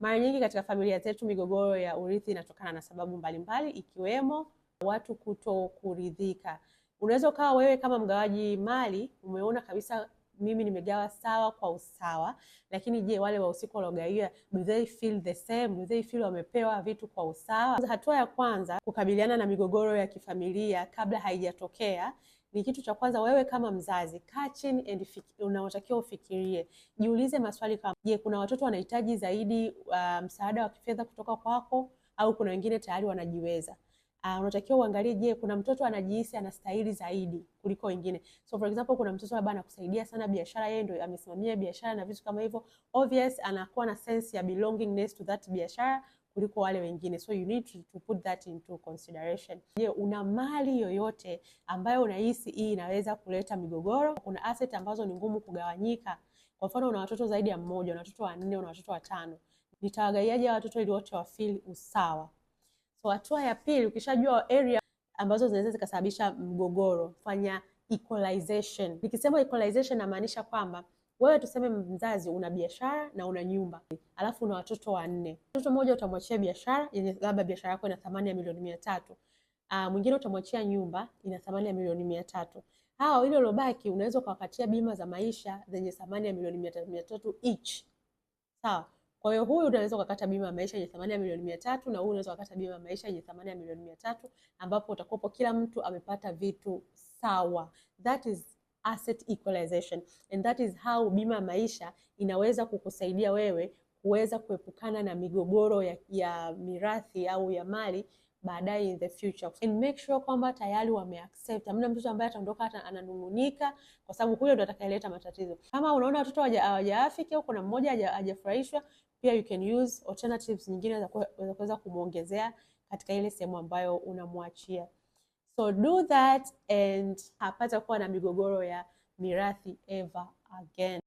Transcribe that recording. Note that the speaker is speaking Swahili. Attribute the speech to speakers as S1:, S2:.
S1: Mara nyingi katika familia zetu migogoro ya urithi inatokana na sababu mbalimbali mbali, ikiwemo watu kutokuridhika Unaweza ukawa wewe kama mgawaji mali umeona kabisa mimi nimegawa sawa kwa usawa, lakini je, wale wahusika waliogawiwa do they feel the same? Do they feel wamepewa vitu kwa usawa? Hatua ya kwanza kukabiliana na migogoro ya kifamilia kabla haijatokea ni kitu cha kwanza, wewe kama mzazi kaa chini and unaotakiwa ufikirie, jiulize maswali kama je, kuna watoto wanahitaji zaidi uh, msaada wa kifedha kutoka kwako au kuna wengine tayari wanajiweza. Uh, unatakiwa uangalie, je, kuna mtoto anajihisi anastahili zaidi kuliko wengine. So for example, kuna mtoto labda anakusaidia sana biashara, yeye ndio amesimamia biashara na vitu kama hivyo, obvious anakuwa na sense ya belongingness to that biashara kuliko wale wengine, so you need to, to put that into consideration. Je, una mali yoyote ambayo unahisi hii inaweza kuleta migogoro? Kuna asset ambazo ni ngumu kugawanyika. Kwa mfano, una watoto zaidi ya mmoja, una watoto wanne, una watoto watano, nitawagaiaje watoto ili wote wafeel usawa? So hatua ya pili, ukishajua area ambazo zinaweza zikasababisha mgogoro, fanya equalization. Nikisema equalization, namaanisha kwamba wewe tuseme mzazi una biashara na una nyumba, alafu una watoto wanne. Mtoto mmoja utamwachia biashara yenye labda biashara yako ina thamani ya milioni mia tatu. Uh, mwingine utamwachia nyumba ina thamani ya milioni mia tatu. Hao ile ilobaki unaweza ukawapatia bima za maisha zenye thamani ya milioni mia tatu each. Sawa. Kwa hiyo huyu unaweza ukakata bima ya maisha yenye thamani ya milioni mia tatu na huyu unaweza ukakata bima ya maisha yenye thamani ya milioni mia tatu ambapo utakuwapo kila mtu amepata vitu sawa. That is asset equalization, and that is how bima maisha inaweza kukusaidia wewe kuweza kuepukana na migogoro ya, ya mirathi au ya mali baadaye in the future and make sure kwamba tayari wameaccept. Hamna mtoto ambaye ataondoka ananungunika, kwa sababu huyo ndo atakayeleta matatizo. Kama unaona watoto hawajaafiki au kuna mmoja hajafurahishwa, pia you can use alternatives nyingine za kuweza kumwongezea katika ile sehemu ambayo unamwachia. So do that and hapata kuwa na migogoro ya mirathi ever again.